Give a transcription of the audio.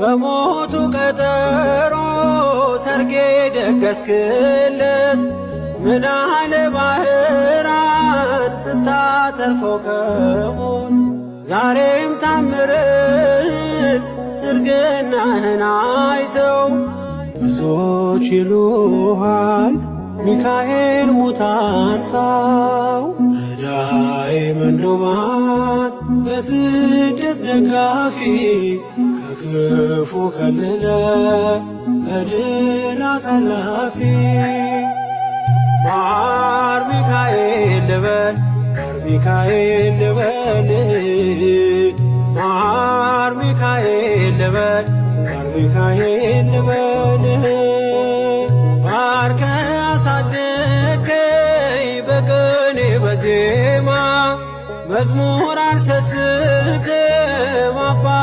በሞቱ ቀጠሮ ሰርጌ ደገስክለት ምናለ ባህራን ስታተርፎ ከሞት ዛሬም ታምርህን ትርግናህን አይተው ብዙዎች ይሉሃል ሚካኤል ሙታን ሳው ረዳኤ ምንዱባን በስደት ደጋፊ ከክፉ ከልለ በድል አሳላፊ ማር ሚካኤል ልበል ማር ሚካኤል ልበል ማር ሚካኤል ልበል ማር ሚካኤል ልበል ባርከ አሳደከይ በቅኔ በዜማ መዝሙር አርሰስት ማባ